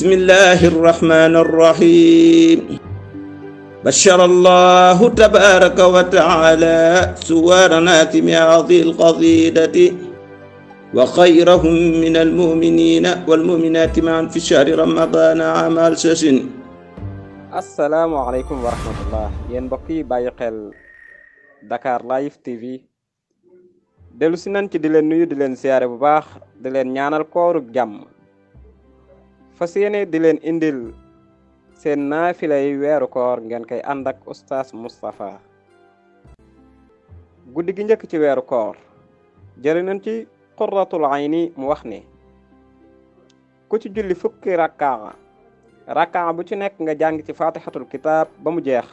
بسم الله الرحمن الرحيم بشر الله تبارك وتعالى سوار ناتم هذه القصيدة وخيرهم من المؤمنين والمؤمنات معا في شهر رمضان عام الشاشن السلام عليكم ورحمة الله ينبقي بايقل دكار لايف تي في dellu si nañ ci di leen nuyu di leen siyaare bu baax di leen ñaanal koorug jàmm fas yéene di leen indil seen naafilay yi weeru koor ngeen koy ànd ak oustaz Moustapha guddi gi njëkk ci weeru koor jëri nañ ci qurratul ayni mu wax ni ku ci julli fukki rakkaa rakkaa bu ci nekk nga jàng ci fatihatul kitab ba mu jeex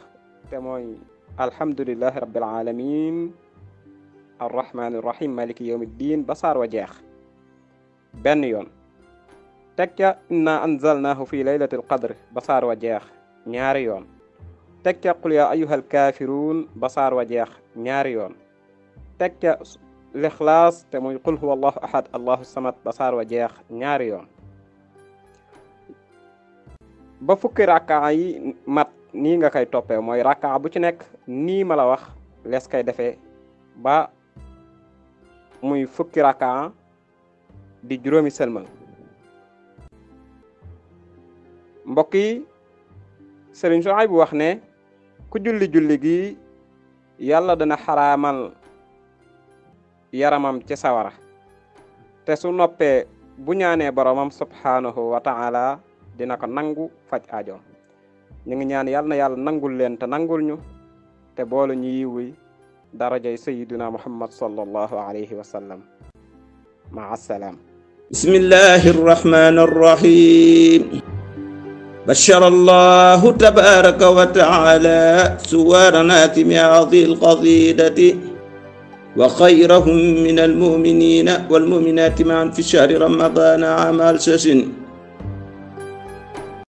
te mooy alhamdulillahi rabbil alamin arrahmanir rahim maliki yawmiddin ba saar wa jeex benn yoon teg ca inna anzalnaahu fi laylatil qadr ba saar wa jeex ñaari yoon teg ca qul yaa ayyuhal kaafiruun ba saar jeex ñaari yoon teg ca lixlaas te muy qul huwa allahu ahad allahu samad ba saar jeex ñaari yoon ba fukki rakka yi mat nii nga koy toppe mooy rakka bu ci nekk nii ma wax lees koy defee ba muy fukki rakka di juróomi sëlmal mbokk yi sëriñ Suhayb wax ne ku julli-julli gi yàlla dana xaraamal yaramam ci sawara te su noppee bu ñaanee boromam subhaanahu wa taala dina ko nangu faj aajoom ñu ngi ñaan yàlla na yàlla nangul leen te nangul ñu te boolu ñu yiwuy darajay sayiduna muhammad sallallahu wa sallam maa salaam bismillahi بشر الله تبارك وتعالى سوارنا بهذه القصيدة وخيرهم من المؤمنين والمؤمنات معا في شهر رمضان عام السسن